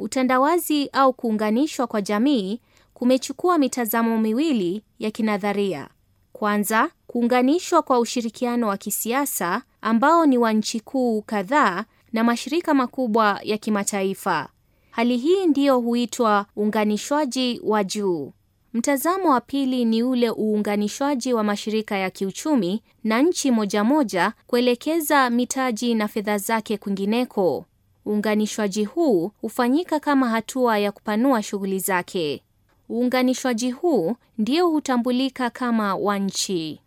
Utandawazi au kuunganishwa kwa jamii kumechukua mitazamo miwili ya kinadharia. Kwanza, kuunganishwa kwa ushirikiano wa kisiasa ambao ni wa nchi kuu kadhaa na mashirika makubwa ya kimataifa. Hali hii ndiyo huitwa uunganishwaji wa juu. Mtazamo wa pili ni ule uunganishwaji wa mashirika ya kiuchumi na nchi moja moja kuelekeza mitaji na fedha zake kwingineko. Uunganishwaji huu hufanyika kama hatua ya kupanua shughuli zake. Uunganishwaji huu ndio hutambulika kama wa nchi.